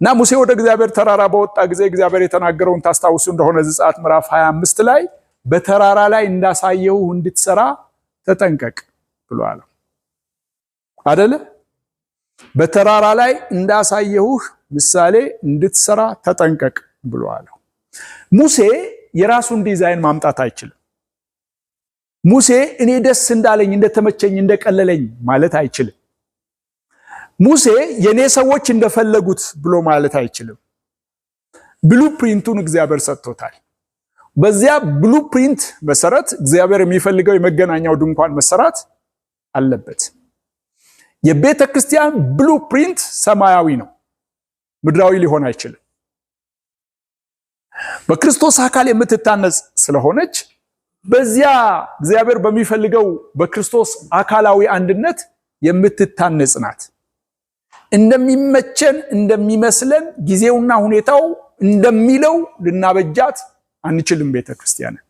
እና ሙሴ ወደ እግዚአብሔር ተራራ በወጣ ጊዜ እግዚአብሔር የተናገረውን ታስታውሱ እንደሆነ ዘጸአት ምዕራፍ 25 ላይ በተራራ ላይ እንዳሳየው እንድትሰራ ተጠንቀቅ ብሎ አለው። አደለ? በተራራ ላይ እንዳሳየሁህ ምሳሌ እንድትሰራ ተጠንቀቅ ብሎ ሙሴ የራሱን ዲዛይን ማምጣት አይችልም። ሙሴ እኔ ደስ እንዳለኝ እንደተመቸኝ እንደቀለለኝ ማለት አይችልም። ሙሴ የኔ ሰዎች እንደፈለጉት ብሎ ማለት አይችልም። ብሉ ፕሪንቱን እግዚአብሔር ሰጥቶታል። በዚያ ብሉ ፕሪንት መሰረት እግዚአብሔር የሚፈልገው የመገናኛው ድንኳን መሰራት አለበት። የቤተ ክርስቲያን ብሉ ፕሪንት ሰማያዊ ነው፣ ምድራዊ ሊሆን አይችልም። በክርስቶስ አካል የምትታነጽ ስለሆነች በዚያ እግዚአብሔር በሚፈልገው በክርስቶስ አካላዊ አንድነት የምትታነጽ ናት። እንደሚመቸን እንደሚመስለን ጊዜውና ሁኔታው እንደሚለው ልናበጃት አንችልም ቤተ ክርስቲያንን።